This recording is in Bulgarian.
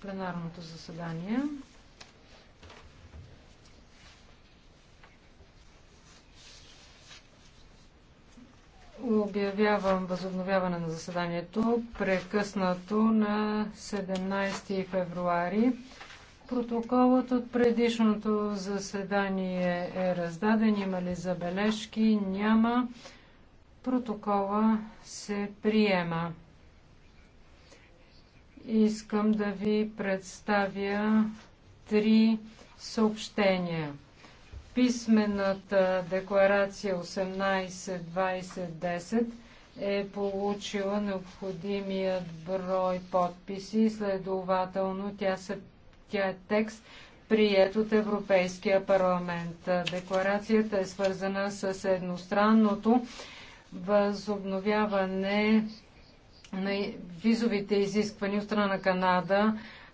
пленарното заседание. Обявявам възобновяване на заседанието, прекъснато на 17 февруари. Протоколът от предишното заседание е раздаден. Има ли забележки? Няма. Протокола се приема искам да ви представя три съобщения. Писмената декларация 18-20-10 е получила необходимият брой подписи, следователно тя, се, тя е текст, прият от Европейския парламент. Декларацията е свързана с едностранното възобновяване на визовите изисквания от страна на Канада